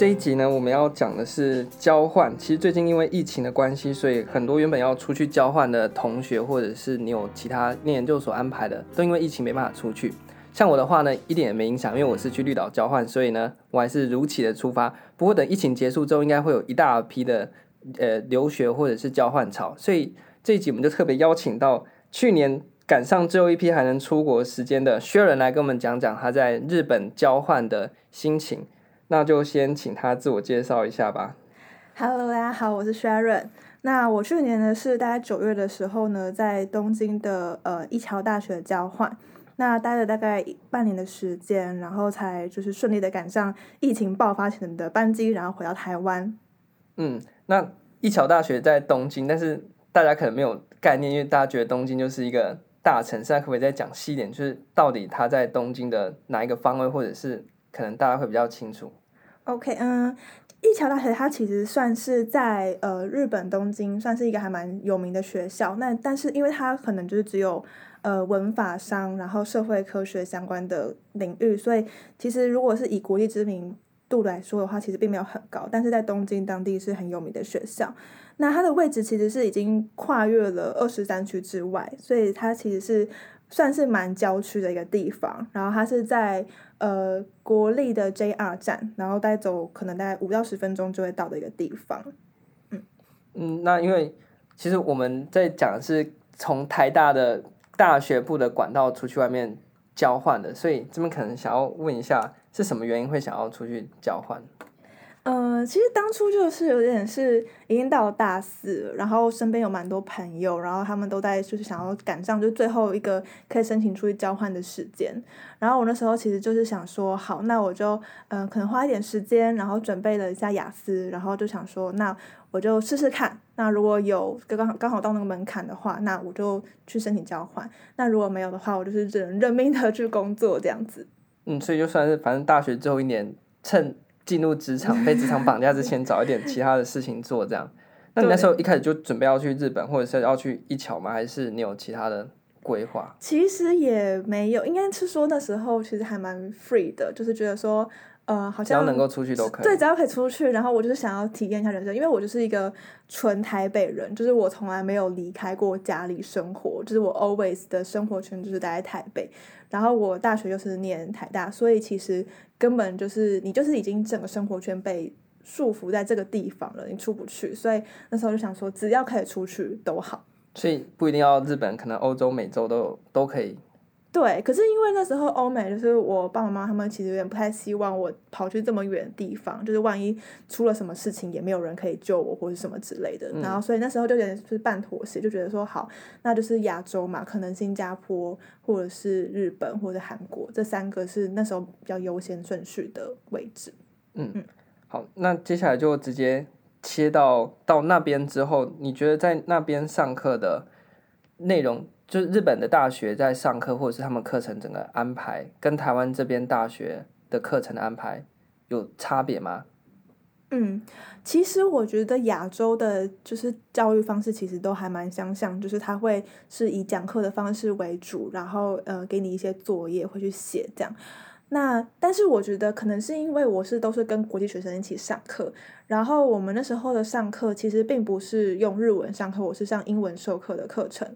這一集呢，我們要講的是交換。其實最近因為疫情的關係，所以很多原本要出去交換的同學，或者是你有其他念研究所安排的，都因為疫情沒辦法出去。像我的話呢，一點也沒影響，因為我是去綠島交換，所以呢，我還是如期的出發。不過等疫情結束之後，應該會有一大批的呃留學或者是交換潮。所以這一集我們就特別邀請到去年趕上最後一批還能出國時間的 Sharon 來跟我們講講他在日本交換的心情。那就先請他自我介紹一下吧。Hello，大家好，我是 Sharon。那我去年呢，是大概九月的時候呢，在東京的呃一橋大學交換，那待了大概半年的時間，然後才就是順利的趕上疫情爆發前的班機，然後回到台灣。嗯，那一橋大學在東京，但是大家可能沒有概念，因為大家覺得東京就是一個大城市，可不可以再講細一點，就是到底它在東京的哪一個方位，或者是可能大家會比較清楚？OK, 嗯，一橋大學它其實算是在呃日本東京算是一個還蠻有名的學校。那但是因為它可能就是只有呃文法商、然後社會科學相關的領域，所以其實如果是以國際知名度來說的話，其實並沒有很高。但是在東京當地是很有名的學校。那它的位置其實是已經跨越了二十三區之外，所以它其實是。算是蠻郊區的一個地方，然後它是在呃國立的 JR 站，然後再走可能大概五到十分鐘就會到的一個地方。嗯嗯，那因為其實我們在講的是從台大的大學部的管道出去外面交換的，所以這邊可能想要問一下是什麼原因會想要出去交換？嗯、呃，其實當初就是有點是已經到了大四，然後身邊有蠻多朋友，然後他們都在就是想要趕上就最後一個可以申請出去交換的時間。然後我那時候其實就是想說，好，那我就嗯、呃，可能花一點時間，然後準備了一下雅思，然後就想說，那我就試試看。那如果有剛剛剛好到那個門檻的話，那我就去申請交換。那如果沒有的話，我就是只能認命的去工作這樣子。嗯，所以就算是反正大學最後一年，趁。進入職場被職場綁架之前，找一點其他的事情做，這樣。那你那時候一開始就準備要去日本，或者是要去一橋嗎？還是你有其他的規劃？其實也沒有，應該是說那時候其實還蠻 free 的，就是覺得說。呃，好像只要能夠出去都可以。對，只要可以出去，然後我就是想要體驗一下人生，因為我就是一個純台北人，就是我從來沒有離開過家裡生活，就是我 always 的生活圈就是待在台北，然後我大學就是念台大，所以其實根本就是你就是已經整個生活圈被束縛在這個地方了，你出不去，所以那時候就想說，只要可以出去都好。所以不一定要日本，可能歐洲、美洲都都可以。對，可是因為那時候歐美，就是我爸爸媽媽他們其實有點不太希望我跑去這麼遠的地方，就是萬一出了什麼事情也沒有人可以救我或是什麼之類的。嗯，然後所以那時候就有點是半妥協，就覺得說好，那就是亞洲嘛，可能新加坡或者是日本或者韓國這三個是那時候比較優先順序的位置。嗯，嗯好，那接下來就直接切到到那邊之後，你覺得在那邊上課的內容？就是日本的大學在上課，或者是他們課程整個安排，跟台灣這邊大學的課程的安排有差別嗎？嗯，其實我覺得亞洲的，就是教育方式其實都還蠻相像，就是他會是以講課的方式為主，然後呃給你一些作業會去寫這樣。那但是我覺得可能是因為我是都是跟國際學生一起上課，然後我們那時候的上課其實並不是用日文上課，我是上英文授課的課程。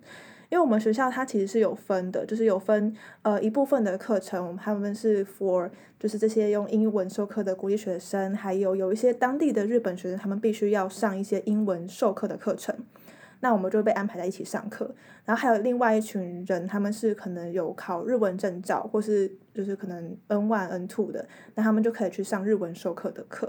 因為我們學校它其實是有分的，就是有分呃一部分的課程，我們他們是 for 就是這些用英文授課的國際學生，還有有一些當地的日本學生，他們必須要上一些英文授課的課程，那我們就會被安排在一起上課。然後還有另外一群人，他們是可能有考日文證照，或是就是可能 N one N two 的，那他們就可以去上日文授課的課。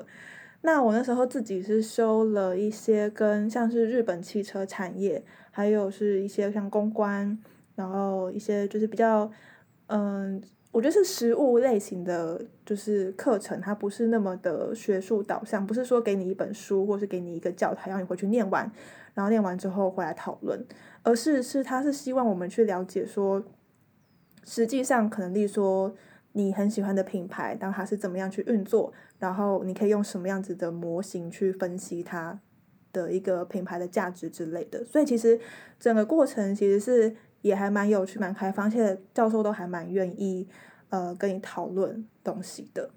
那我那時候自己是修了一些跟像是日本汽車產業，還有是一些像公關，然後一些就是比較，嗯，我覺得是實務類型的，就是課程，它不是那麼的學術導向，不是說給你一本書或是給你一個教材，讓你回去念完，然後念完之後回來討論，而是是他是希望我們去了解說，實際上可能例如說你很喜歡的品牌，當它是怎麼樣去運作，然後你可以用什麼樣子的模型去分析它的一個品牌的價值之類的。所以其實整個過程其實是也還蠻有趣、蠻開放，而且教授都還蠻願意呃跟你討論東西的。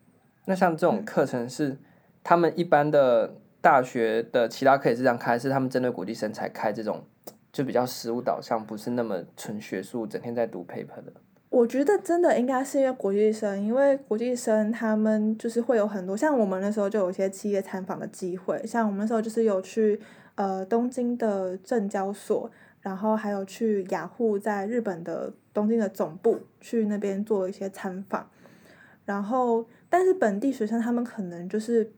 那像這種課程是、嗯、他們一般的大學的其他課也是這樣開，是他們針對國際生才開這種，就比較實務導向，不是那麼純學術，整天在讀 paper 的。我覺得真的應該是因為國際生，因為國際生他們就是會有很多像我們那時候就有一些企業參訪的機會，像我們那時候就是有去呃東京的證交所，然後還有去雅虎在日本的東京的總部去那邊做一些參訪，然後但是本地學生他們可能就是。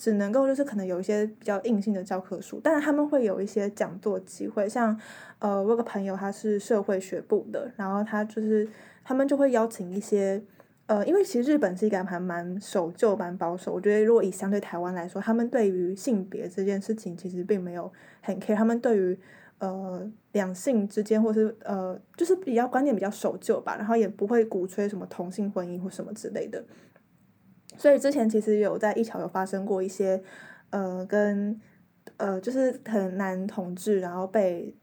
只能夠就是可能有一些比較硬性的教科書，但是他們會有一些講座機會，像呃，我有個朋友他是社會學部的，然後他就是他們就會邀請一些呃，因為其實日本是一個還蠻守舊、蠻保守，我覺得如果以相對台灣來說，他們對於性別這件事情其實並沒有很 care，他們對於呃兩性之間或是呃就是比較觀念比較守舊吧，然後也不會鼓吹什麼同性婚姻或什麼之類的。所以之前其實有在一橋有發生過一些，呃，跟呃，就是男同志，然後被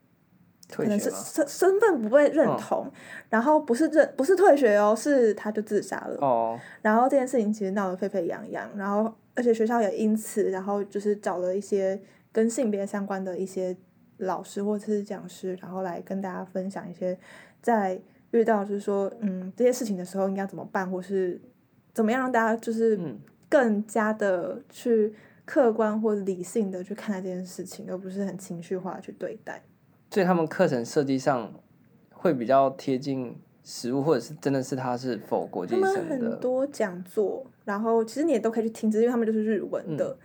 可能是身身份不被認同，嗯、然後不是認不是退學哦，是他就自殺了。哦，然後這件事情其實鬧得沸沸揚揚，然後而且學校也因此，然後就是找了一些跟性別相關的一些老師或者是講師，然後來跟大家分享一些在遇到就是說嗯這些事情的時候應該怎麼辦，或是。怎麼樣讓大家就是更加的去客觀或理性的去看待這件事情，而不是很情緒化的去對待，嗯？所以他們課程設計上會比較貼近實物，或者是真的是他是否國際生的？他們很多講座，然後其實你也都可以去聽，只是因為他們就是日文的。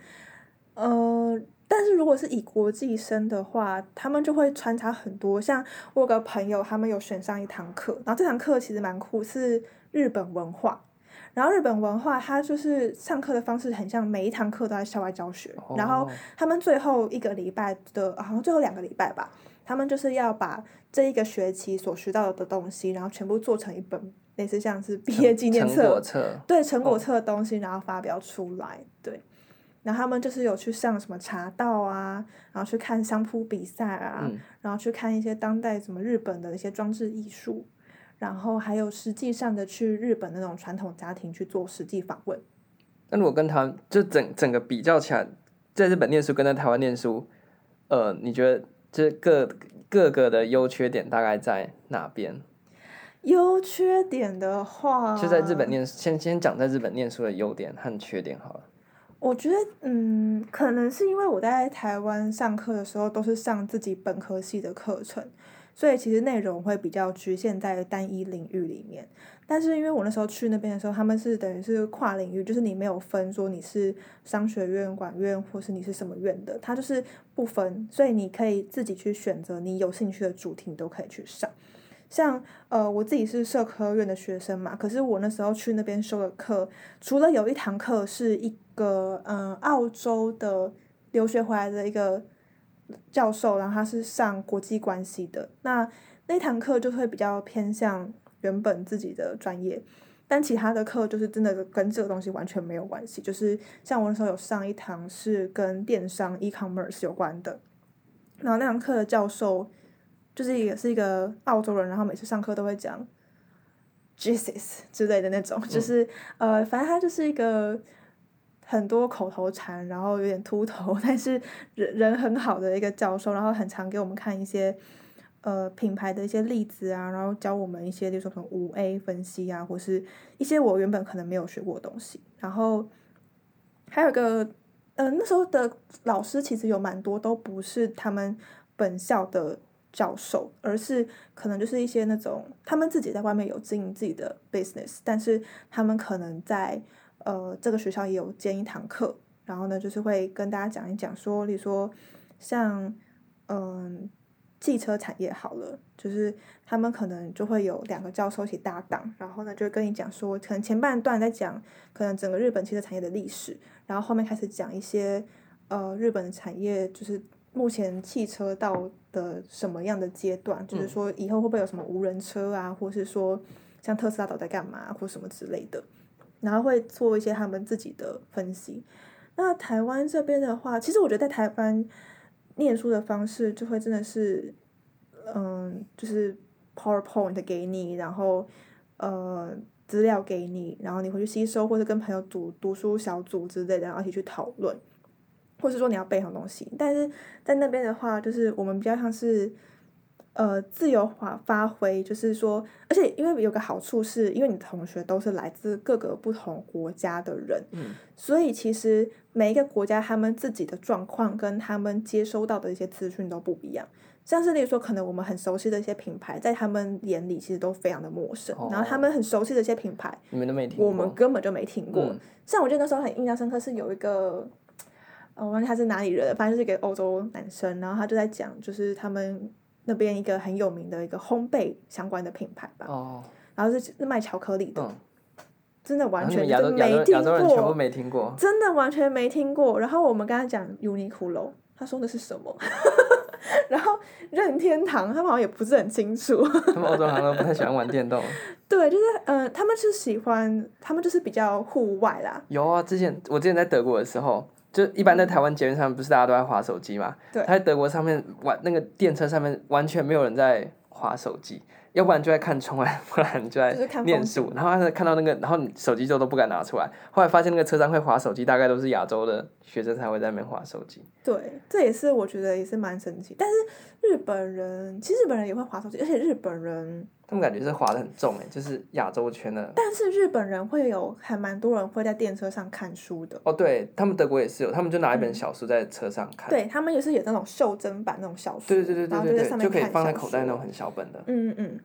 嗯、呃，但是如果是以國際生的話，他們就會穿插很多。像我有個朋友，他們有選上一堂課，然後這堂課其實蠻酷，是日本文化。然後日本文化，它就是上課的方式很像，每一堂課都在校外教學。哦、然後他們最後一個禮拜的，好像、啊、最後兩個禮拜吧，他們就是要把這一個學期所學到的東西，然後全部做成一本類似像是畢業紀念冊，成、成果冊對成果冊的東西，哦、然後發表出來。對，然後他們就是有去上什麼茶道啊，然後去看相撲比賽啊，嗯、然後去看一些當代什麼日本的一些裝置藝術。然後還有實際上的去日本那種傳統家庭去做實際訪問。那如果跟他就整整個比較起來，在日本念書跟在台灣念書，呃，你覺得這各各個的優缺點大概在哪邊？優缺點的話，就在日本念，先先講在日本念書的優點和缺點好了。我覺得，嗯，可能是因為我在台灣上課的時候都是上自己本科系的課程，所以其實內容會比較局限在單一領域裡面，但是因為我那時候去那邊的時候，他們是等於是跨領域，就是你沒有分說你是商學院管院或是你是什麼院的，他就是不分，所以你可以自己去選擇你有興趣的主題，你都可以去上。像呃，我自己是社科院的學生嘛，可是我那時候去那邊修的課，除了有一堂課是一個嗯、呃、澳洲的留學回來的一個。教授，然後他是上國際關係的，那那一堂課就會比較偏向原本自己的專業，但其他的課就是真的跟這個東西完全沒有關係。就是像我那時候有上一堂是跟電商 （e-commerce） 有關的，然後那堂課的教授就是一個是一個澳洲人，然後每次上課都會講 Jesus 之類的那種，嗯、就是呃，反正他就是一個。很多口頭禪，然後有點禿頭，但是人人很好的一個教授，然後很常給我們看一些呃品牌的一些例子啊，然後教我們一些，就說什麼五 A 分析啊，或是一些我原本可能沒有學過的東西。然後還有一個，呃，那時候的老師其實有蠻多都不是他們本校的教授，而是可能就是一些那種他們自己在外面有經營自己的 business，但是他們可能在。呃，這個學校也有兼一堂課，然後呢，就是會跟大家講一講說，說你說像嗯、呃、汽車產業好了，就是他們可能就會有兩個教授一起搭檔，然後呢，就會跟你講說，可能前半段在講可能整個日本汽車產業的歷史，然後後面開始講一些呃日本的產業，就是目前汽車到的什麼樣的階段，嗯、就是說以後會不會有什麼無人車啊，或是說像特斯拉到底在幹嘛或什麼之類的。然後會做一些他們自己的分析。那台灣這邊的話，其實我覺得在台灣，念書的方式就會真的是，嗯，就是 PowerPoint 給你，然後呃、嗯、資料給你，然後你回去吸收，或者跟朋友組讀、讀書小組之類的，然後一起去討論，或者是說你要背什麼東西。但是在那邊的話，就是我們比較像是。呃，自由化發揮，就是說，而且因為有個好處是，因為你同學都是來自各個不同國家的人，嗯，所以其實每一個國家他們自己的狀況跟他們接收到的一些資訊都不一樣。像是例如說，可能我們很熟悉的一些品牌，在他們眼裡其實都非常的陌生，哦、然後他們很熟悉的一些品牌，你們都沒聽過，我們根本就沒聽過。嗯，像我覺得那時候很印象深刻，是有一個，我忘記他是哪裡人的，反正就是一個歐洲男生，然後他就在講，就是他們。那邊一個很有名的一個烘焙相關的品牌吧，哦，然後是是賣巧克力的，嗯，真的完全沒聽過，沒聽過真的完全沒聽過。然後我們剛才講 Uniqlo，他說的是什麼？ 然後任天堂，他們好像也不是很清楚。 他們歐洲好像都不太喜歡玩電動。 對，就是呃，他們是喜歡，他們就是比較戶外啦。有啊，之前我之前在德國的時候。就一般在台灣捷運上面，不是大家都在滑手機嗎？他、嗯、在德國上面玩那個電車上面完全沒有人在滑手機，要不然就在看窗外，不然就在念書。然後他看到那個，然後你手機都都不敢拿出來。後來發現那個車上會滑手機，大概都是亞洲的學生才會在那邊滑手機。對，這也是我覺得也是蠻神奇。但是日本人其實日本人也會滑手機，而且日本人。他們感覺是滑得很重哎，就是亞洲圈的。但是日本人會有還蠻多人會在電車上看書的哦。對，他們德國也是有，他們就拿一本小書在車上看。嗯、對他們也是有那種袖珍版那種小書，對對對對對，對對對，就可以放在口袋那種很小本的。嗯嗯嗯。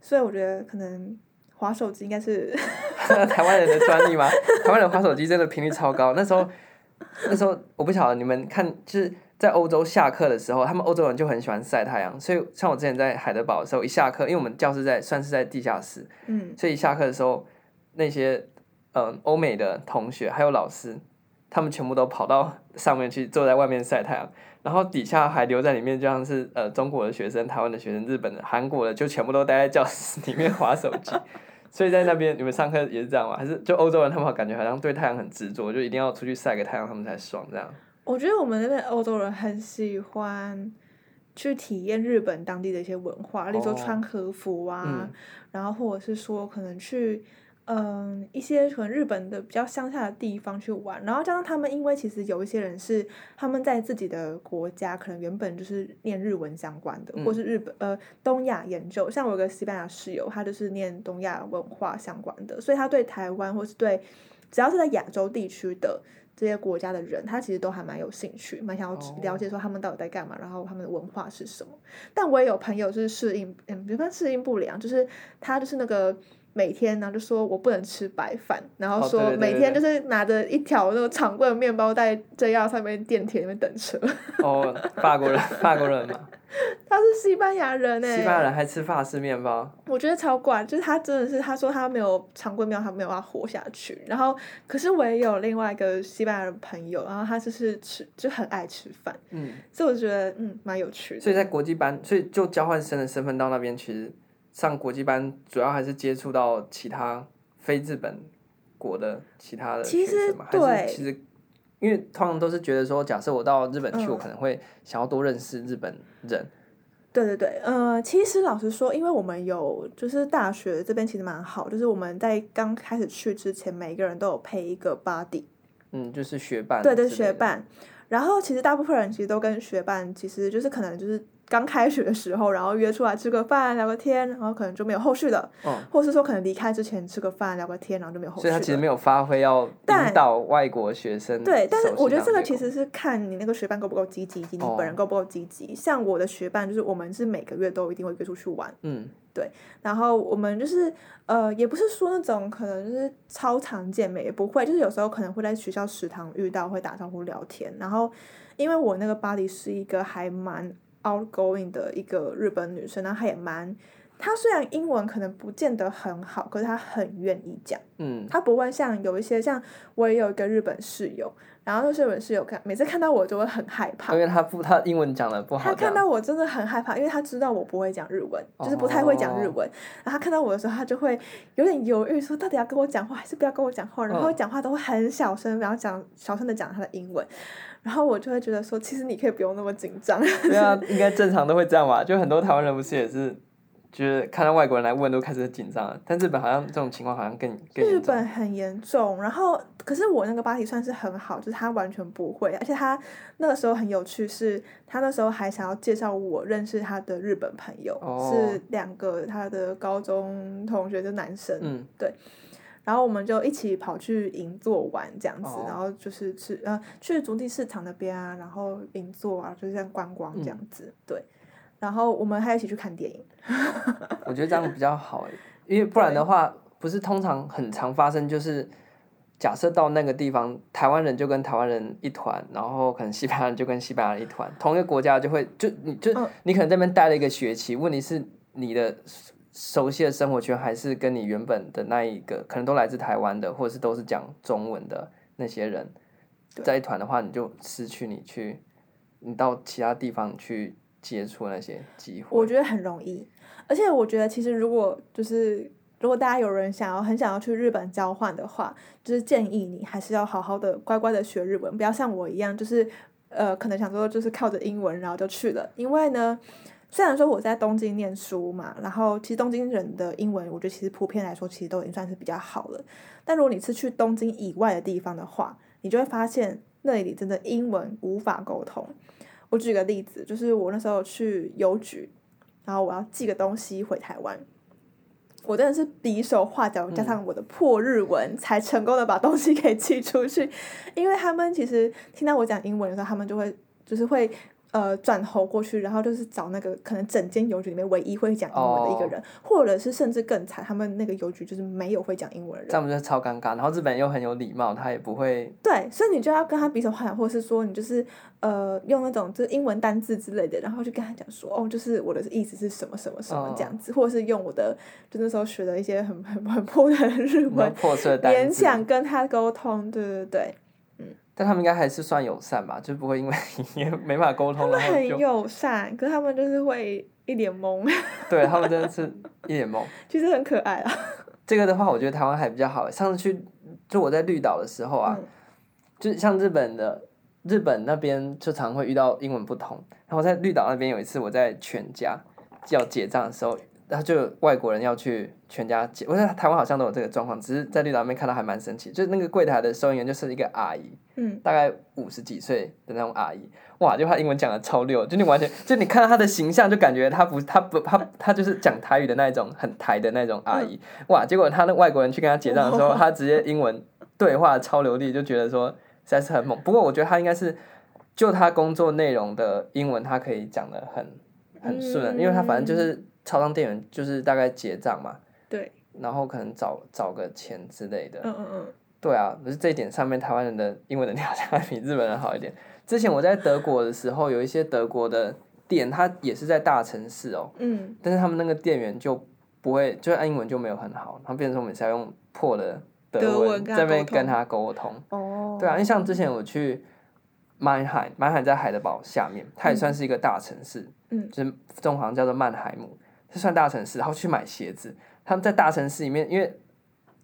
所以我覺得可能滑手機應該是 台灣人的專利嗎？台灣人滑手機真的頻率超高。那時候那時候我不曉得你們看就是。在歐洲下課的時候，他們歐洲人就很喜歡曬太陽，所以像我之前在海德堡的時候，一下課，因為我們教室在算是在地下室，嗯，所以一下課的時候，那些嗯呃、歐美的同學還有老師，他們全部都跑到上面去坐在外面曬太陽，然後底下還留在裡面，就像是呃中國的學生、台灣的學生、日本的、韓國的，就全部都待在教室裡面滑手機。 所以在那邊你們上課也是這樣嗎？還是就歐洲人他們感覺好像對太陽很執着，就一定要出去曬個太陽他們才爽這樣？我覺得我們那邊歐洲人很喜歡去體驗日本當地的一些文化，例如說穿和服啊，哦嗯、然後或者是說可能去嗯一些可能日本的比較鄉下的地方去玩，然後加上他們，因為其實有一些人是他們在自己的國家，可能原本就是念日文相關的，嗯、或是日本呃東亞研究，像我有個西班牙室友，他就是念東亞文化相關的，所以他對台灣或是對只要是在亞洲地區的。這些國家的人，他其實都還蠻有興趣，蠻想要了解說他們到底在幹嘛，oh. 然後他們的文化是什麼。但我也有朋友就是適應，嗯，比如說適應不良，就是他就是那個。每天呢，然後就說我不能吃白飯，然後說每天就是拿着一條那個長棍的麵包在這要上面電梯那邊等車。哦， 法國人，法國人嘛，他是西班牙人誒、欸，西班牙人還吃法式麵包，我覺得超怪，就是他真的是他說他沒有長棍麵包他沒有要活下去。然後，可是我也有另外一個西班牙人朋友，然後他就是吃就很愛吃飯，嗯，所以我覺得嗯蠻有趣的。所以在國際班，所以就交換生的身份到那邊，去。上國際班主要還是接觸到其他非日本國的其他的其實對，其實因為通常都是覺得說，假設我到日本去，我可能會想要多認識日本人。嗯，對對對，呃，其實老實說，因為我們有就是大學這邊其實蠻好，就是我們在剛開始去之前，每一個人都有配一個 buddy 嗯，就是學伴，對對學伴。然後其實大部分人其實都跟學伴，其實就是可能就是。剛開學的時候，然後約出來吃個飯、聊個天，然後可能就沒有後續了，哦、或是說可能離開之前吃個飯、聊個天，然後就沒有後續了。所以他其實沒有發揮要引導外國學生國。對，但是我覺得這個其實是看你那個學伴夠不夠積極，以及你本人夠不夠積極。哦、像我的學伴，就是我們是每個月都一定會約出去玩，嗯，對。然後我們就是呃，也不是說那種可能就是超常見面，也不會，就是有時候可能會在學校食堂遇到，會打招呼聊天。然後因為我那個巴黎是一個還蠻。outgoing 的一個日本女生，然後她也蠻，她雖然英文可能不見得很好，可是她很願意講，嗯，她不會像有一些，像我也有一個日本室友。然後那些老是有看，每次看到我就會很害怕。因為他不，他英文講的不好。他看到我真的很害怕，因為他知道我不會講日文，oh. 就是不太會講日文。然後他看到我的時候，他就會有點猶豫，說到底要跟我講話還是不要跟我講話。然後講話都會很小聲，oh. 然後講小聲的講他的英文。然後我就會覺得說，其實你可以不用那麼緊張。對啊， 應該正常都會這樣吧？就很多台灣人不是也是。就是看到外國人來問，都開始緊張。但日本好像這種情況好像更，更嚴重。日本很嚴重。然後，可是我那個 buddy 算是很好，就是他完全不會。而且他那個時候很有趣是，是他那時候還想要介紹我認識他的日本朋友，哦、是兩個他的高中同學，就男生。嗯，對。然後我們就一起跑去銀座玩這樣子，哦、然後就是去呃去築地市場那邊啊，然後銀座啊，就是像觀光這樣子，嗯、對。然後我們還要一起去看電影。 我覺得這樣比較好，因為不然的話，不是通常很常發生，就是假設到那個地方，台灣人就跟台灣人一團，然後可能西班牙人就跟西班牙一團，同一個國家就會就你就、哦、你可能在那邊待了一個學期，問題是你的熟悉的生活圈還是跟你原本的那一個，可能都來自台灣的，或者是都是講中文的那些人，對在一團的話，你就失去你去你到其他地方去。接觸那些機會，我覺得很容易。而且我覺得，其實如果就是如果大家有人想要很想要去日本交換的話，就是建議你還是要好好的乖乖的學日文，不要像我一樣，就是呃可能想說就是靠着英文然後就去了。因為呢，雖然說我在東京念書嘛，然後其實東京人的英文，我覺得其實普遍來說其實都已經算是比較好了。但如果你是去東京以外的地方的話，你就會發現那裡真的英文無法溝通。我舉個例子，就是我那時候去郵局，然後我要寄個東西回台灣，我真的是比手畫腳加上我的破日文，嗯、才成功的把東西給寄出去。因為他們其實聽到我講英文的時候，他們就會就是會。呃，轉頭過去，然後就是找那個可能整間郵局裡面唯一會講英文的一個人，oh. 或者是甚至更慘，他們那個郵局就是沒有會講英文的人，這樣就超尷尬。然後日本人又很有禮貌，他也不會對，所以你就要跟他比手畫腳，或者是說你就是呃用那種就是英文單字之類的，然後就跟他講說，哦，就是我的意思是什麼什麼什麼，oh. 這樣子，或者是用我的就那時候學的一些很很很破的日文破設單字勉強跟他溝通，對對對。但他們應該還是算友善吧，就不會因為因為沒辦法溝通了。他們很友善，可是他們就是會一臉懵。對，他們真的是一臉懵，其實很可愛啊。這個的話，我覺得台灣還比較好。上次去，就我在綠島的時候啊，嗯、就像日本的日本那邊就常常會遇到英文不通。然後在綠島那邊有一次，我在全家叫結賬的時候。然後就外國人要去全家結，我在台灣好像都有這個狀況，只是在綠島那邊看到還蠻神奇。就是那個櫃檯的收銀員就是一個阿姨，嗯，大概五十幾歲的那種阿姨，哇，就她英文講的超溜，就你完全就你看到她的形象，就感覺她不她不她她就是講台語的那一種很台的那種阿姨，嗯、哇！結果她那外國人去跟她結賬的時候，她、哦、直接英文對話超流利，就覺得說實在是很猛。不過我覺得她應該是就她工作內容的英文，她可以講的很很順，因為她反正就是。嗯超商店員就是大概結賬嘛，對，然後可能找找個錢之類的，嗯嗯嗯，對啊，可是這一點上面台灣人的英文能力好像還比日本人好一點。之前我在德國的時候，嗯、有一些德國的店，它也是在大城市哦，嗯，但是他們那個店員就不會，就是英文就沒有很好，然後變成我們是要用破的德文，德文在那邊跟他溝通，哦，對啊，因為像之前我去曼海，曼海在海德堡下面，它也算是一個大城市，嗯，就是中文叫做曼海姆。是算大城市，然後去買鞋子。他們在大城市裡面，因為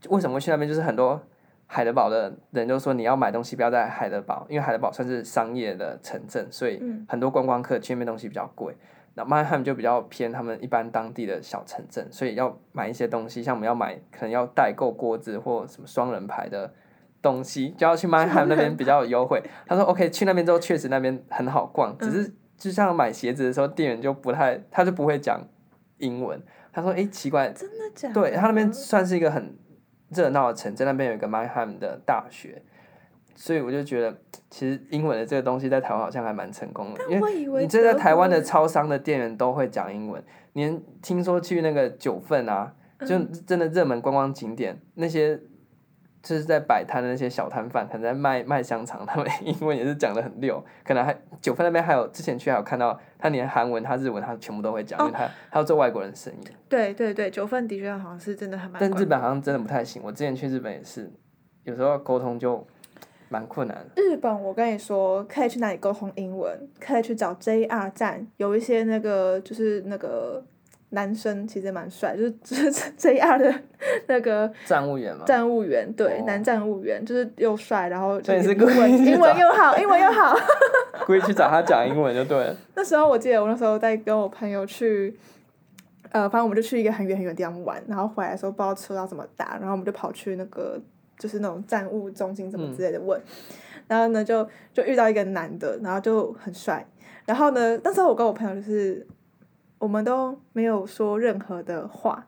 為什麼會去那邊？就是很多海德堡的人就說你要買東西不要在海德堡，因為海德堡算是商業的城鎮，所以很多觀光客去那邊東西比較貴。那曼海姆就比較偏他們一般當地的小城鎮，所以要買一些東西，像我們要買可能要代購鍋子或什麼雙人牌的東西，就要去曼海姆那邊比較有優惠。那他說 OK， 去那邊之後確實那邊很好逛，只是就像買鞋子的時候，店員就不太，他就不會講。英文，他說：“哎、欸，奇怪，真的假的？”對，他那邊算是一個很熱鬧的城，在那邊有一個曼哈姆的大學，所以我就覺得，其實英文的這個東西在台灣好像還蠻成功的，因為你這在台灣的超商的店員都會講英文，你聽說去那個九份啊，就真的熱門觀光景點那些。就是在擺攤的那些小攤販，可能在賣賣香腸，他們英文也是講得很溜。可能還九份那邊還有，之前去還有看到他連韓文、他日文他全部都會講，哦、因為他還要做外國人的生意。對對對，九份的確好像是真的還蠻。但日本好像真的不太行，我之前去日本也是，有時候溝通就蠻困難。日本，我跟你說，可以去哪裡溝通英文？可以去找 JR 站，有一些那個就是那個。男生其實蠻帥，就是就是 JR 的那個站務員嘛，站務員對，oh. 男站務員就是又帥，然後就是英文英文又好，英文又好， 故意去找他講英文就對了。 那時候我記得，我那時候在跟我朋友去，呃，反正我們就去一個很遠很遠的地方玩，然後回來的時候不知道車要怎麼搭，然後我們就跑去那個就是那種站務中心什麼之類的問，嗯、然後呢就就遇到一個男的，然後就很帥，然後呢那時候我跟我朋友就是。我們都沒有說任何的話，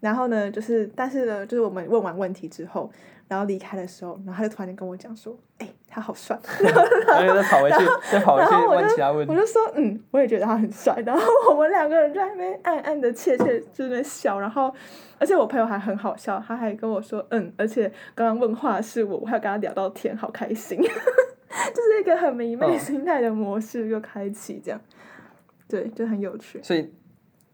然後呢，就是，但是呢，就是我們問完問題之後，然後離開的時候，然後他就突然間跟我講說：“哎、欸，他好帥！”然後他 就跑回去問我就說：“嗯，我也覺得他很帥。”然後我們兩個人在那邊暗暗的竊竊、哦、就在笑，然後而且我朋友還很好笑，他還跟我說：“嗯，而且剛剛問話是我，我還有跟他聊到天，好開心， 就是一個很迷妹心態的模式、哦、又開啟這樣。”對，就很有趣，所以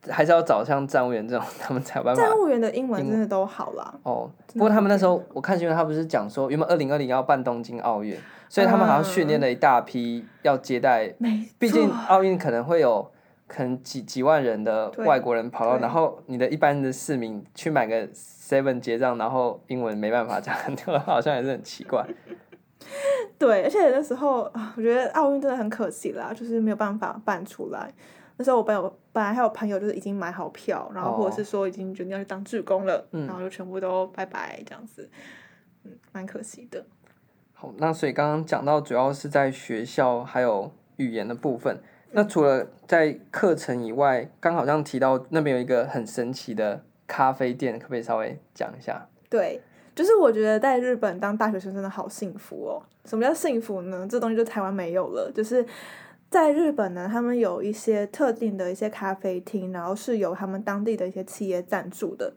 還是要找像站務員這種，他們才有辦法。站務員的英文真的都好啦哦。喔、不過他們那時候，我看新聞，他不是講說原本二零二零要辦東京奧運，所以他們好像訓練了一大批要接待，呃、畢竟奧運可能會有可能幾幾萬人的外國人跑到，對然後你的一般的市民去買個 Seven 結賬，然後英文沒辦法講， 好像也是很奇怪。對，而且那時候我覺得奧運真的很可惜啦，就是沒有辦法辦出來。那時候我本，本來還有朋友就是已經買好票，哦、然後或者是說已經決定要去當志工了，嗯、然後就全部都拜拜這樣子，嗯，蠻可惜的。好，那所以剛剛講到主要是在學校還有語言的部分，嗯、那除了在課程以外，剛好像提到那邊有一個很神奇的咖啡店，可不可以稍微講一下？對。就是我覺得在日本當大學生真的好幸福哦。什麼叫幸福呢？這東西就台灣沒有了。就是在日本呢，他們有一些特定的一些咖啡廳，然後是由他們當地的一些企業贊助的。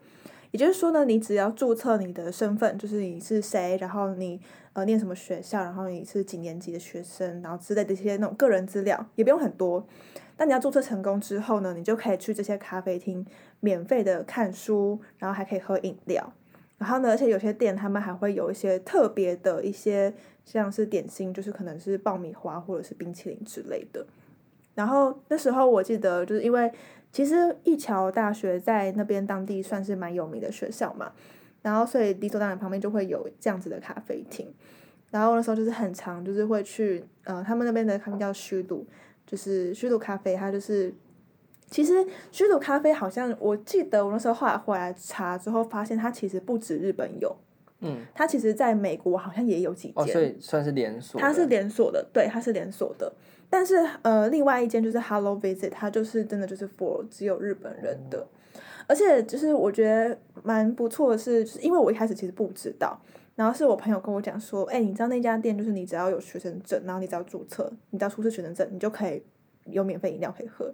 也就是說呢，你只要註冊你的身份，就是你是誰，然後你呃念什麼學校，然後你是幾年級的學生，然後之類的一些那種個人資料，也不用很多。但你要註冊成功之後呢，你就可以去這些咖啡廳免費的看書，然後還可以喝飲料。然後呢，而且有些店他們還會有一些特別的一些，像是點心，就是可能是爆米花或者是冰淇淋之類的。然後那時候我記得，就是因為其實一橋大學在那邊當地算是蠻有名的學校嘛，然後所以理所當然旁邊就會有這樣子的咖啡廳。然後那時候就是很常就是會去呃他們那邊的咖啡店叫虛度，就是虛度咖啡，它就是。其實，水煮咖啡好像，我記得我那時候後來回來查之後，發現它其實不止日本有，嗯，它其實在美國好像也有幾間，哦，所以算是連鎖，它是連鎖的，對，它是連鎖的。但是呃，另外一間就是 Hello Visit，它就是真的就是 for 只有日本人的，嗯、而且就是我覺得蠻不錯的是，就是因為我一開始其實不知道，然後是我朋友跟我講說，哎、欸，你知道那家店就是你只要有學生證，然後你只要註冊，你只要出示學生證，你就可以有免費飲料可以喝。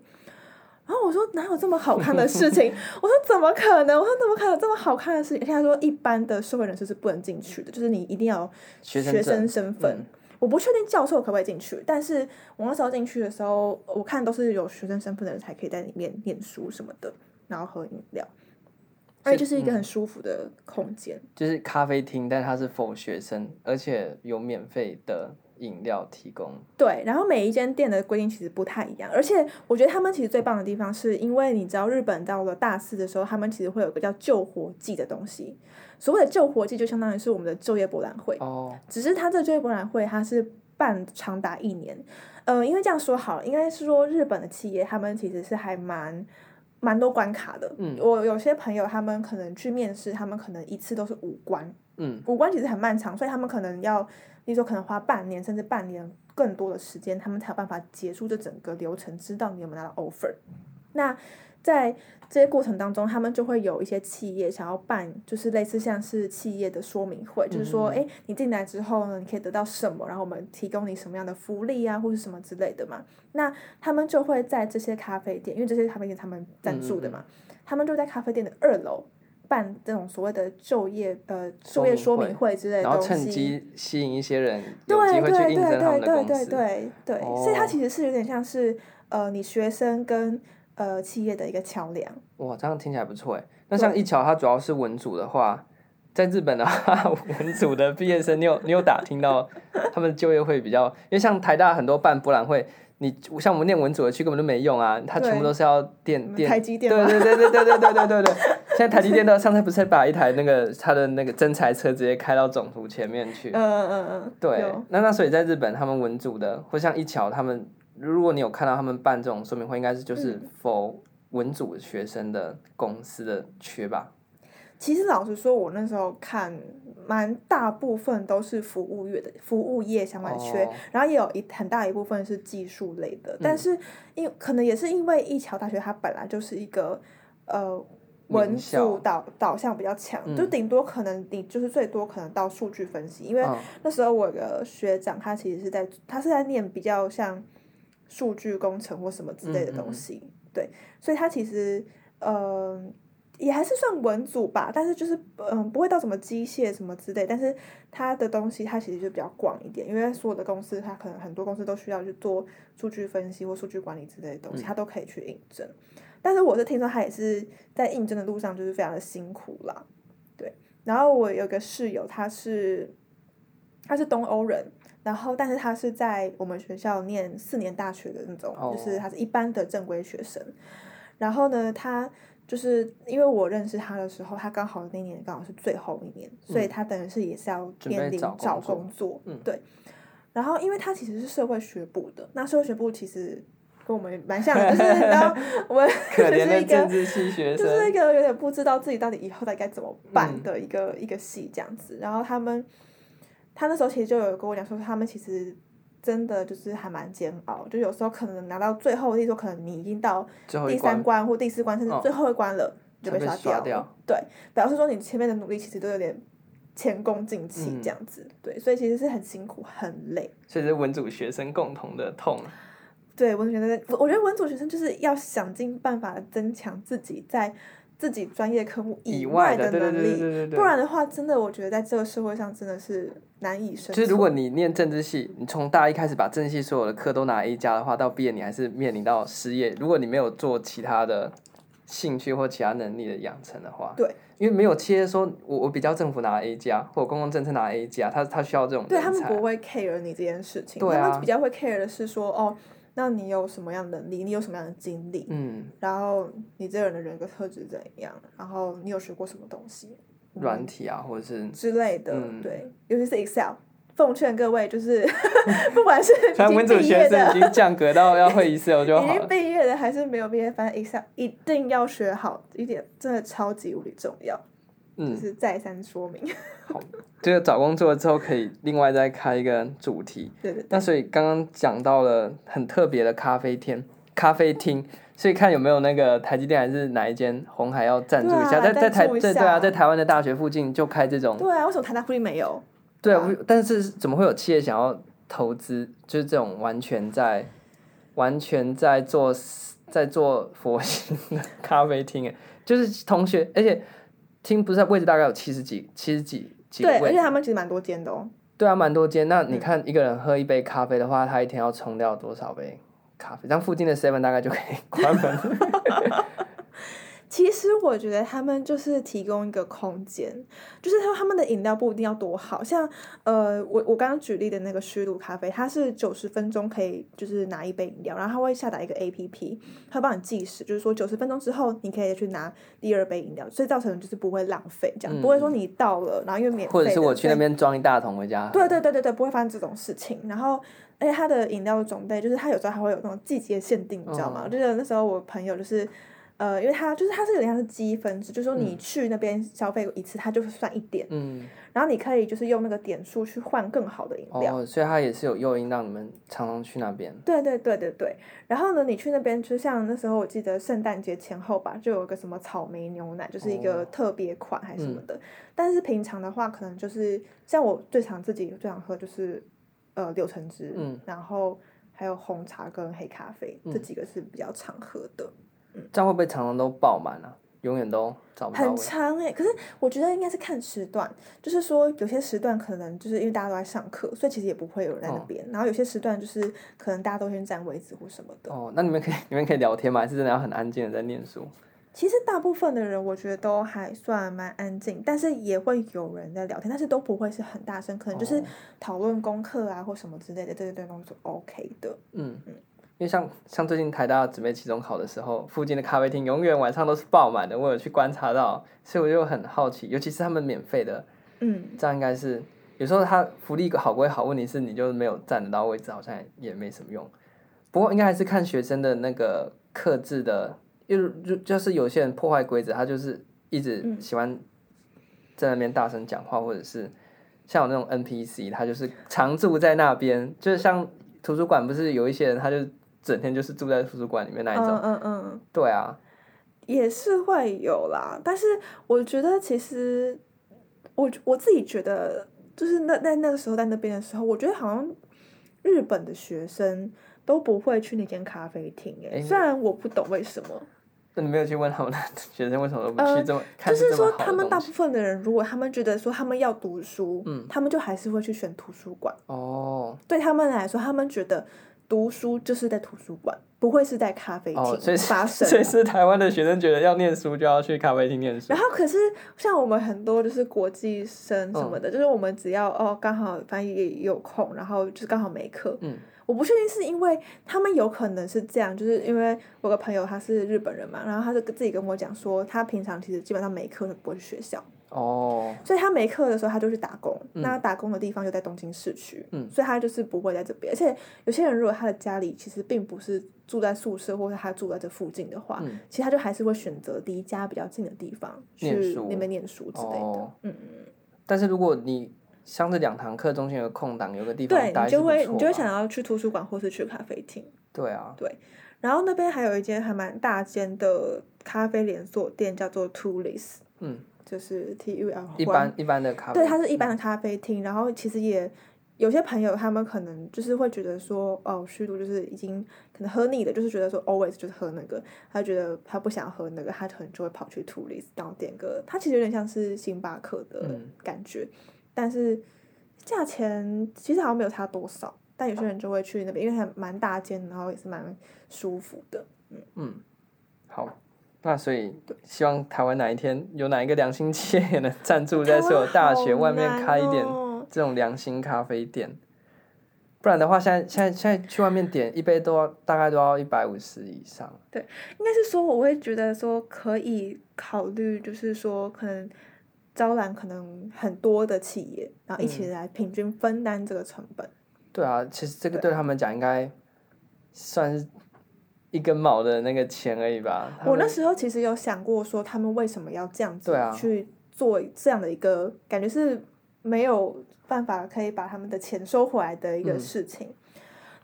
然後我說，哪有這麼好看的事情？ 我說怎麼可能？我說怎麼可能這麼好看的事情？他說，一般的社會人士是不能進去的，就是你一定要學生身份。嗯、我不確定教授可不可以進去，但是我那時候進去的時候，我看都是有學生身份的人才可以在裡面唸書什麼的，然後喝飲料。而且就是一個很舒服的空間，是嗯、就是咖啡廳，但它是 for 學生，而且有免費的。飲料提供對，然後每一間店的規定其實不太一樣，而且我覺得他們其實最棒的地方，是因為你知道日本到了大四的時候，他們其實會有一個叫就活季的東西。所謂的就活季，就相當於是我們的就業博覽會哦。只是他這就業博覽會，它是辦長達一年。嗯、呃，因為這樣說好了，應該是說日本的企業，他們其實是還蠻蠻多關卡的。嗯，我有些朋友他們可能去面試，他們可能一次都是五關。嗯，五關其實很漫長，所以他們可能要。你說可能花半年甚至半年更多的時間，他們才有辦法結束這整個流程，知道你有沒有拿到 offer。那在這些過程當中，他們就會有一些企業想要辦，就是類似像是企業的說明會，嗯、哼就是說，誒，你進來之後呢，你可以得到什麼，然後我們提供你什麼樣的福利啊，或是什麼之類的嘛。那他們就會在這些咖啡店，因為這些咖啡店他們贊助的嘛，嗯、哼他們就在咖啡店的二樓。辦這種所謂的就業呃、就業說明會之類的東西，然後趁機吸引一些人，有機會去應徵他們的公司，對對對對對對對對，所以它其實是有點像是呃，你學生跟呃企業的一個橋樑。哇，這樣聽起來不錯哎。那像一橋它主要是文組的話，對在日本的話，文組的畢業生你有你有打聽到，他們的就業會比較，因為像台大很多辦博覽會。你像我們念文組的去根本就沒用啊，他全部都是要電對電，台積電，對，對，對對對對對對對對對。 現在台積電到上次不是把一台那個他的那個徵才車直接開到總圖前面去？嗯嗯嗯嗯。呃呃、對，那有那所以在日本他們文組的，或像一橋他們，如果你有看到他們辦這種說明會，應該是就是 for 文組學生的公司的缺吧。嗯其實老實說，我那時候看，蠻大部分都是服務業的，服務業相關缺，哦、然後也有一很大一部分是技術類的。嗯、但是因為，因可能也是因為一橋大學它本來就是一個，呃，校文數導導向比較強，嗯、就頂多可能你就是最多可能到數據分析。因為那時候我的學長，他其實是在、哦、他是在念比較像，數據工程或什麼之類的東西，嗯嗯對，所以他其實，嗯、呃。也還是算文組吧，但是就是嗯，不會到什麼機械什麼之類，但是他的東西，他其實就比較廣一點，因為所有的公司他可能很多公司都需要去做數據分析或數據管理之類的東西，他、嗯、都可以去應徵。但是我是聽說他也是在應徵的路上就是非常的辛苦啦，對。然後我有個室友，他是他是東歐人，然後但是他是在我們學校念四年大學的那種，哦、就是他是一般的正規學生。然後呢，他。就是因為我認識他的時候，他剛好那年剛好是最後一年，嗯、所以他等於是也是要面臨找工作，工作嗯、對。然後，因為他其實是社會學部的，那社會學部其實跟我們蠻像的， 就是你知道我們就是一個政治系學生，就是一個有點不知道自己到底以後到底該怎麼辦的一個、嗯、一個系這樣子。然後他們，他那時候其實就有跟我講說，他們其實。真的就是還蠻煎熬，就有時候可能拿到最後，那時候可能你已經到第三關或第四關，關，甚至最後一關了，哦、就被刷掉。刷掉，對，表示說你前面的努力其實都有點前功盡棄這樣子。嗯、對，所以其實是很辛苦、很累。所以是文組學生共同的痛。對，文組學生，我我覺得文組學生就是要想盡辦法增強自己在。自己專業科目以外的能力，不然的話，真的我覺得在這個社會上真的是難以生存。就是如果你念政治系，你從大一開始把政治系所有的課都拿 A 加的話，到畢業你還是面臨到失業。如果你沒有做其他的興趣或其他能力的養成的話，對，因為沒有切說我我比較政府拿 A 加或公共政策拿 A 加，他他需要這種，對，他們不會 care 你這件事情，對啊、他們比較會 care 的是說哦。那你有什麼樣的能力？你有什麼樣的經歷？嗯，然後你這個人的人格特質怎樣？然後你有學過什麼東西？嗯、軟體啊，或者是之類的。嗯、對，尤其是 Excel。奉勸各位，就是 不管是已經畢業的，全學生已經降格到要會 Excel，就好 已經畢業的還是沒有畢業，反正 Excel 一定要學好一點，真的超級無比重要。嗯、就是再三說明， 好，這個找工作之後可以另外再開一個主題。 對，對對。那所以剛剛講到了很特別的咖啡廳、咖啡廳， 所以看有沒有那個台積電還是哪一間鴻海要贊助一下，啊、來贊助一下在在台對對啊，在台灣的大學附近就開這種。對啊，為什麼台大附近沒有？對啊，啊但是怎麼會有企業想要投資？就是這種完全在完全在做在做佛系的咖啡廳誒，就是同學，而且。不是，位置大概有七十幾、七十幾幾個位。對，而且他們其實蠻多間的哦、喔。對啊，蠻多間。那你看一個人喝一杯咖啡的話，他一天要沖掉多少杯咖啡？但附近的 seven 大概就可以關門。 其實我覺得他們就是提供一個空間，就是說他們的飲料不一定要多好，像呃，我我剛剛舉例的那個虛度咖啡，它是九十分鐘可以就是拿一杯飲料，然後他會下載一個 APP，他幫你計時，就是說九十分鐘之後你可以去拿第二杯飲料，所以造成就是不會浪費，這樣、嗯、不會說你到了然後因為免費或者是我去那邊裝一大桶回家，對對對對對，不會發生這種事情。然後而且他的飲料的種類就是他有時候還會有那種季節限定，你知道嗎？我記得那時候我朋友就是。呃，因為它就是它是有點像是積分制，就是說你去那邊消費一次，它就是算一點，嗯，然後你可以就是用那個點數去換更好的飲料，哦，所以它也是有誘因讓你們常常去那邊。對對對對對，然後呢，你去那邊就像那時候我記得聖誕節前後吧，就有一個什麼草莓牛奶，就是一個特別款還是什麼的。哦，嗯，但是平常的話，可能就是像我最常自己最常喝就是呃柳橙汁，嗯，然後還有紅茶跟黑咖啡，嗯，這幾個是比較常喝的。這樣會不會常常都爆滿啊？永遠都找不到。很長哎、欸，可是我覺得應該是看時段，就是說有些時段可能就是因為大家都在上課，所以其實也不會有人在那邊。嗯、然後有些時段就是可能大家都先佔位置或什麼的。哦，那你們可以你們可以聊天嗎？還是真的要很安靜的在念書？其實大部分的人我覺得都還算蠻安靜，但是也會有人在聊天，但是都不會是很大聲，可能就是討論功課啊或什麼之類的，對對對，都是 OK 的。嗯嗯。因為像像最近台大準備期中考的時候，附近的咖啡廳永遠晚上都是爆滿的。我有去觀察到，所以我就很好奇，尤其是他們免費的，嗯，這樣應該是有時候他福利好歸好，問題是你就是沒有占得到位置，好像也沒什麼用。不過應該還是看學生的那個克制的，又就就是有些人破壞規則，他就是一直喜歡在那邊大聲講話，或者是像有那種 NPC，他就是常駐在那邊。就是像圖書館，不是有一些人，他就。整天就是住在圖書，書館裡面那一種，嗯嗯，嗯對啊，也是會有啦。但是我覺得，其實我我自己覺得，就是那在那個時候在那邊的時候，我覺得好像日本的學生都不會去那間咖啡廳。哎誒，雖然我不懂為什麼。那你沒有去問他們的學生為什麼都不去這麼？呃，就是說他們大部分的人，如果他們覺得說他們要讀書，嗯，他們就還是會去選圖書館。哦，對他們來說，他們覺得。讀書就是在圖書館，不會是在咖啡廳發生，哦所以。所以是台灣的學生覺得要念書就要去咖啡廳念書。然後可是像我們很多就是國際生什麼的，嗯、就是我們只要哦剛好反正也有空，然後就是剛好沒課。嗯、我不確定是因為他們有可能是這樣，就是因為我的朋友他是日本人嘛，然後他就自己跟我講說，他平常其實基本上沒課就不會去學校。哦，oh, 所以他沒課的時候，他就去打工，嗯、那打工的地方就在東京市區，嗯、所以他就是不會在這邊。而且有些人如果他的家裡其實並不是住在宿舍，或者他住在這附近的話，嗯、其實他就還是會選擇離家比較近的地方去那邊念書之類的。哦、嗯嗯。但是如果你像是兩堂課中間有空檔，有個地方，對你，你就會你就想要去圖書館或是去咖啡廳。對啊，對。然後那邊還有一間還蠻大間的咖啡連鎖店，叫做 Tully's 嗯。就是 TUL，一般一般的咖啡。對，它是一般的咖啡廳，嗯、然後其實也有些朋友他們可能就是會覺得說，哦，虛度就是已經可能喝膩了，就是覺得說 always 就是喝那個，他覺得他不想喝那個，他可能就會跑去 Tully's 然後點個，它其實有點像是星巴克的感覺，嗯、但是價錢其實好像沒有差多少，但有些人就會去那邊，啊、因為它蠻大間，然後也是蠻舒服的。嗯嗯，好。那所以，希望台灣哪一天有哪一個良心企業也能贊助，在所有大學外面開一點這種良心咖啡店，哦、不然的話現，現在現在現在去外面點一杯都要大概都要一百五十以上。對，應該是說我會覺得說可以考慮，就是說可能招攬可能很多的企業，然後一起來平均分擔這個成本。嗯，對啊，其實這個對他們講應該算是。一根毛的那個錢而已吧。我那時候其實有想過，說他們為什麼要這樣子去做這樣的一個感覺是沒有辦法可以把他們的錢收回來的一個事情。嗯、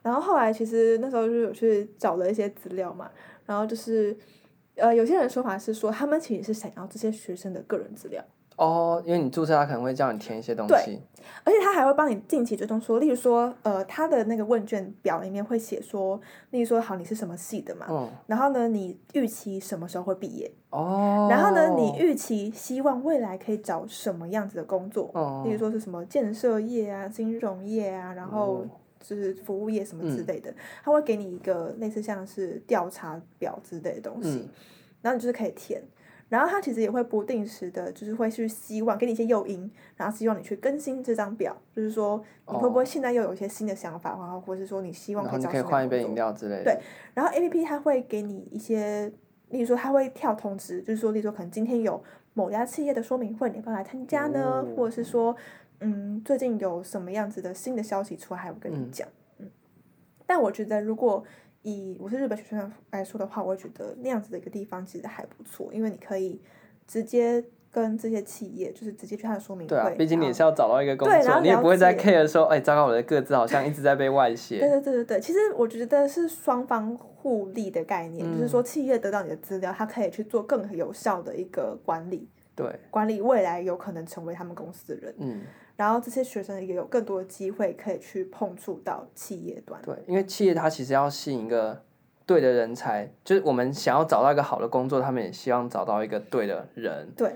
然後後來其實那時候就有去找了一些資料嘛，然後就是呃，有些人說法是說他們其實是想要這些學生的個人資料。哦，oh, 因為你註冊，他可能會叫你填一些東西。對，而且他還會幫你定期追蹤，說，例如說，呃，他的那個問卷表裡面會寫說，例如說，好，你是什麼系的嘛？Oh. 然後呢，你預期什麼時候會畢業？哦。Oh. 然後呢，你預期希望未來可以找什麼樣子的工作？Oh. 例如說是什麼建設業啊、金融業啊，然後就是服務業什麼之類的，oh. 他會給你一個類似像是調查表之類的東西，oh. 然後你就是可以填。然後他其實也會不定時的，就是會去希望給你一些誘因，然後希望你去更新這張表，就是說你會不會現在又有一些新的想法，哦、然後或者是說你希望，你可以換一杯飲料之類的。對，然後 APP 它會給你一些，例如說它會跳通知，就是說例如說可能今天有某家企業的說明會，你要不要來參加呢？哦、或者是說，嗯，最近有什麼樣子的新的消息出來，我跟你講。嗯，嗯，但我覺得如果。以我是日本學生來說的話，我也覺得那樣子的一個地方其實還不錯，因為你可以直接跟這些企業，就是直接去他的說明會。對啊，畢竟你是要找到一個工作，你也不會再 care 說，哎、欸，糟糕，我的個資好像一直在被外洩。對對對對對，其實我覺得是雙方互利的概念，嗯、就是說企業得到你的資料，它可以去做更有效的一個管理。對，管理未來有可能成為他們公司的人，嗯，然後這些學生也有更多的機會可以去碰觸到企業端，對，因為企業它其實要吸引一個對的人才，就是我們想要找到一個好的工作，他們也希望找到一個對的人，對，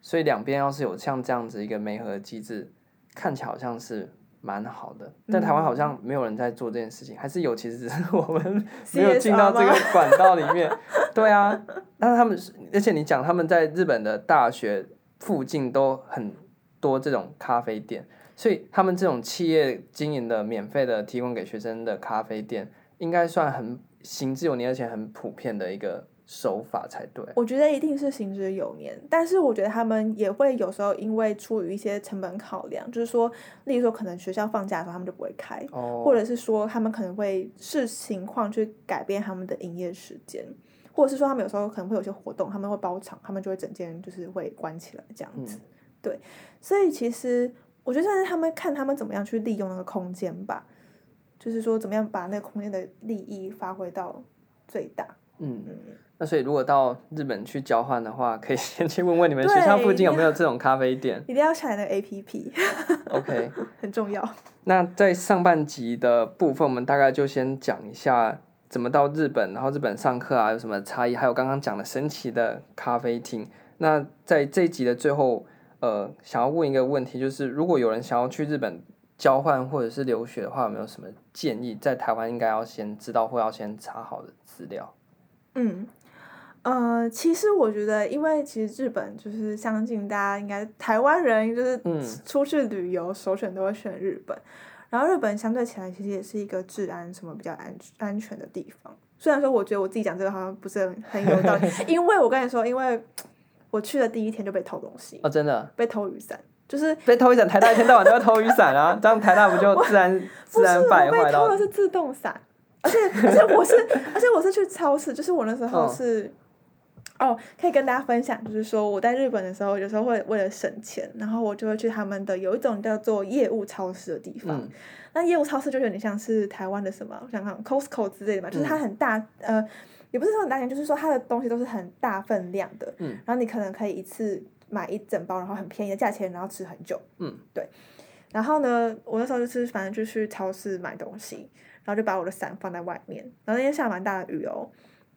所以兩邊要是有像這樣子一個媒合的機制，看起來好像是。蠻好的，在台灣好像沒有人在做這件事情，嗯、還是有，其實我們沒有進到這個管道裡面。SA 對啊，但是他們，而且你講他們在日本的大學附近都很多這種咖啡店，所以他們這種企業經營的免費的提供給學生的咖啡店，應該算很行之有年而且很普遍的一個手法才對，我覺得一定是行之有年，但是我覺得他們也會有時候因為出於一些成本考量，就是說，例如說可能學校放假的時候他們就不會開，oh. 或者是說他們可能會視情況去改變他們的營業時間，或者是說他們有時候可能會有些活動，他們會包場，他們就會整間就是會關起來這樣子，嗯、對，所以其實我覺得是他們看他們怎麼樣去利用那個空間吧，就是說怎麼樣把那個空間的利益發揮到最大，嗯嗯。那所以，如果到日本去交換的話，可以先去問問你們對學校附近有沒有這種咖啡店。一定要下載那個 APP。 OK。很重要。那在上半集的部分，我們大概就先講一下怎麼到日本，然後日本上課啊有什麼差異，還有剛剛講的神奇的咖啡廳。那在這一集的最後，呃，想要問一個問題，就是如果有人想要去日本交換或者是留學的話，有沒有什麼建議？在台灣應該要先知道或要先查好的資料。嗯。呃，其實我覺得，因為其實日本就是相信大家應該台灣人就是出去旅遊首選都會選日本，嗯、然後日本相對起來其實也是一個治安什麼比較安安全的地方。雖然說我覺得我自己講這個好像不是很很有道理， 因為我跟你說，因為我去的第一天就被偷東西，哦，真的被偷雨傘，就是被偷雨傘。台大一天到晚都要偷雨傘啊， 這樣台大不就自然自然敗壞了嗎？不是，我被偷的是自動傘，而且而且我是， 而且我是，而且我是去超市，就是我那時候是。嗯哦，oh, 可以跟大家分享，就是說我在日本的時候，有時候會為了省錢，然後我就會去他們的有一種叫做業務超市的地方。嗯、那業務超市就有點像是台灣的什麼，我想想，Costco 之類的嘛，就是它很大，嗯、呃，也不是說很大件，就是說它的東西都是很大分量的。嗯。然後你可能可以一次買一整包，然後很便宜的價錢，然後吃很久。嗯。對。然後呢，我那時候就是反正就去超市買東西，然後就把我的傘放在外面，然後那天下蠻大的雨哦。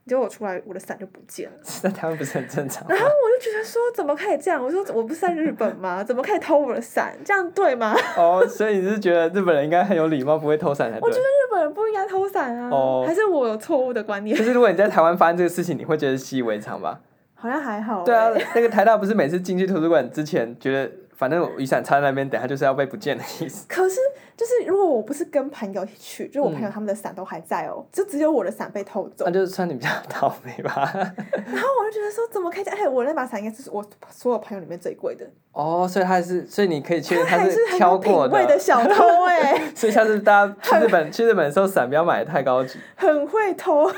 結果我出來，我的傘就不見了。那台灣不是很正常。然後我就覺得說，怎麼可以這樣？我說我不是在日本嗎？ 怎麼可以偷我的傘？這樣對嗎？哦，oh, 所以你是覺得日本人應該很有禮貌，不會偷傘才對？我覺得日本人不應該偷傘啊，oh, 還是我有錯誤的觀念？可是如果你在台灣發生這個事情，你會覺得習以為常吧？好像還好、欸。對啊，那個台大不是每次進去圖書館之前，覺得反正雨傘插在那邊，等下就是要被不見的意思。 可是。就是如果我不是跟朋友一起去，就我朋友他們的傘都還在哦，嗯、就只有我的傘被偷走。那、啊、就算你比較倒霉吧。 然後我就覺得說，怎麼看起來？哎、欸，我那把傘應該是我所有朋友裡面最貴的。哦，所以他是，所以你可以確認他是。挑過貴的,的小偷哎、欸。 所以下次大家去日本很去日本的時候，傘不要買的太高級。很會偷。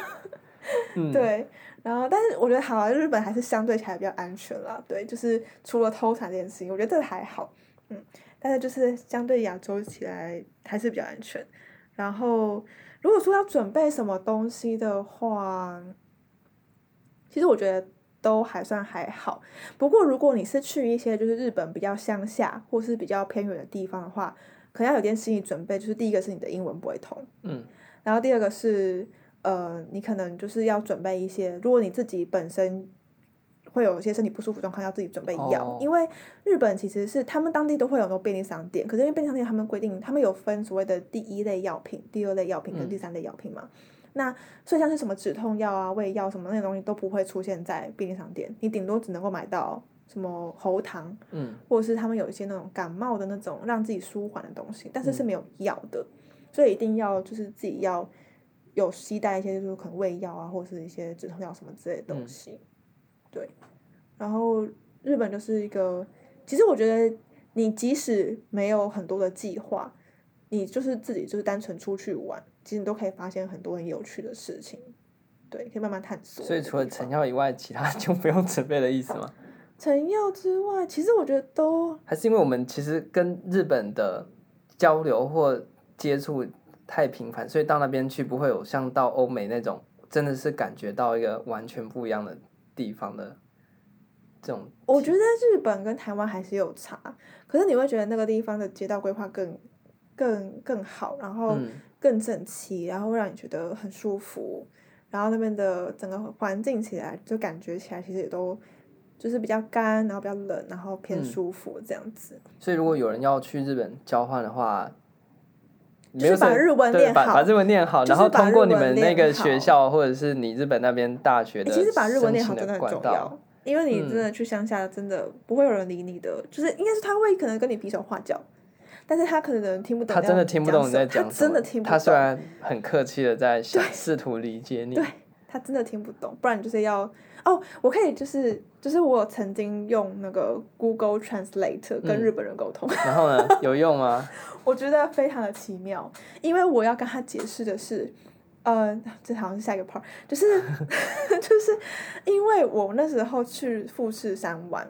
嗯、對。然後，但是我覺得好像、啊、日本還是相對起來比較安全了。對，就是除了偷傘這件事情，我覺得這還好。嗯。但是就是相對亞洲起來還是比較安全。然後，如果說要準備什麼東西的話，其實我覺得都還算還好。不過，如果你是去一些就是日本比較鄉下或是比較偏遠的地方的話，可能要有件心理準備，就是第一個是你的英文不會通，嗯，然後第二個是呃，你可能就是要準備一些，如果你自己本身。會有一些身體不舒服狀況，要自己準備藥，哦哦，因為日本其實是他們當地都會有那種便利商店，可是因為便利商店他們規定，他們有分所謂的第一類藥品、第二類藥品跟第三類藥品嘛，嗯、那所以像是什麼止痛藥啊、胃藥什麼那些東西都不會出現在便利商店，你頂多只能夠買到什麼喉糖，嗯，或者是他們有一些那種感冒的那種讓自己舒緩的東西，但是是沒有藥的，嗯、所以一定要就是自己要有攜帶一些，就是可能胃藥啊，或者是一些止痛藥什麼之類的東西。嗯對，然後日本就是一個，其實我覺得你即使沒有很多的計劃，你就是自己就是單純出去玩，其實你都可以發現很多很有趣的事情。對，可以慢慢探索。所以除了成藥以外，其他就不用準備的意思嗎？成 藥之外，其實我覺得都還是因為我們其實跟日本的交流或接觸太頻繁，所以到那邊去不會有像到歐美那種，真的是感覺到一個完全不一樣的。地方的這種，我覺得日本跟台灣還是有差。可是你會覺得那個地方的街道規劃更、更、更好，然後更整齊，嗯、然後讓你覺得很舒服，然後那邊的整個環境起來就感覺起來，其實也都就是比較乾，然後比較冷，然後偏舒服、嗯、這樣子。所以如果有人要去日本交換的話。沒有把日文念好把，把日文念好，念好然後通過你們那個學校或者是你日本那邊大學的，的、欸、其實把日文念好，真的很重要。嗯、因為你真的去鄉下，真的不會有人理你的，就是應該是他會可能跟你比手畫腳，但是他可能聽不懂，他真的聽不懂你在講什麼。他，他雖然很客氣的在想對試圖理解你，對，他真的聽不懂，不然你就是要。哦，oh, 我可以就是就是我曾經用那個 Google Translate 跟日本人溝通，嗯，然後呢， 有用嗎？我覺得非常的奇妙，因為我要跟他解釋的是，呃，這好像是下一個 part，就是 就是因為我那時候去富士山玩，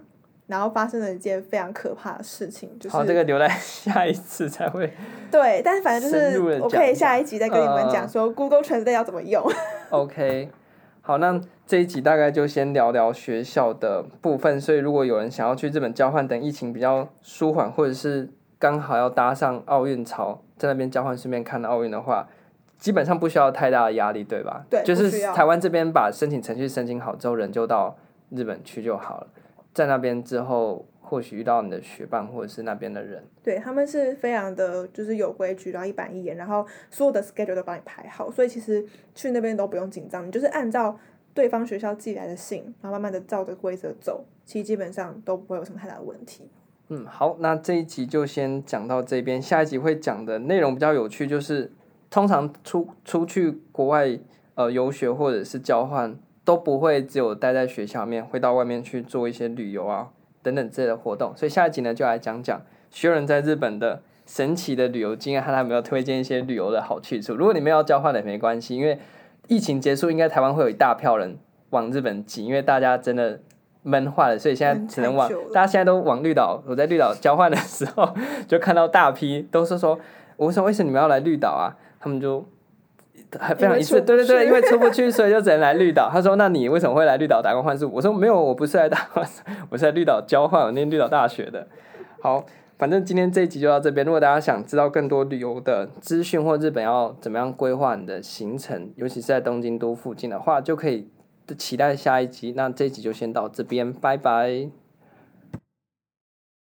然後發生了一件非常可怕的事情，就是，好，這個留在下一次才會講講。對，但是反正就是我可以下一集再跟你們講說，呃，Google Translate 要怎麼用。OK。好，那這一集大概就先聊聊學校的部分。所以，如果有人想要去日本交換，等疫情比較舒緩，或者是剛好要搭上奧運潮，在那邊交換順便看奧運的話，基本上不需要太大的壓力，對吧？對，就是台灣這邊把申請程序申請好之後，人就到日本去就好了。在那邊之後。或許遇到你的學伴，或者是那邊的人，對他們是非常的，就是有規矩，然後一板一眼，然後所有的 schedule 都幫你排好，所以其實去那邊都不用緊張，你就是按照對方學校寄來的信，然後慢慢的照着規則走，其實基本上都不會有什麼太大的問題。嗯，好，那這一集就先講到這邊，下一集會講的內容比較有趣，就是通常出出去國外呃遊學或者是交換，都不會只有待在學校裡面，會到外面去做一些旅遊啊。等等之類的活動，所以下一集呢就來講講 Sharon 在日本的神奇的旅遊經驗，和他有沒有推薦一些旅遊的好去處。如果你們要交換的也沒關係，因為疫情結束，應該台灣會有一大票人往日本擠，因為大家真的悶壞了，所以現在只能往大家現在都往綠島。我在綠島交換的時候，就看到大批都是說，說，我說為什麼你們要來綠島啊？他們就。還非常一對對對，因為出不去，所以就只能來綠島。 他說：“那你為什麼會來綠島打工換宿？”我說：“沒有，我不是來打工，我是來綠島交換，我念綠島大學的。”好，反正今天這一集就到這邊。如果大家想知道更多旅遊的資訊或日本要怎麼樣規劃你的行程，尤其是在東京都附近的話，就可以期待下一集。那這一集就先到這邊，拜拜。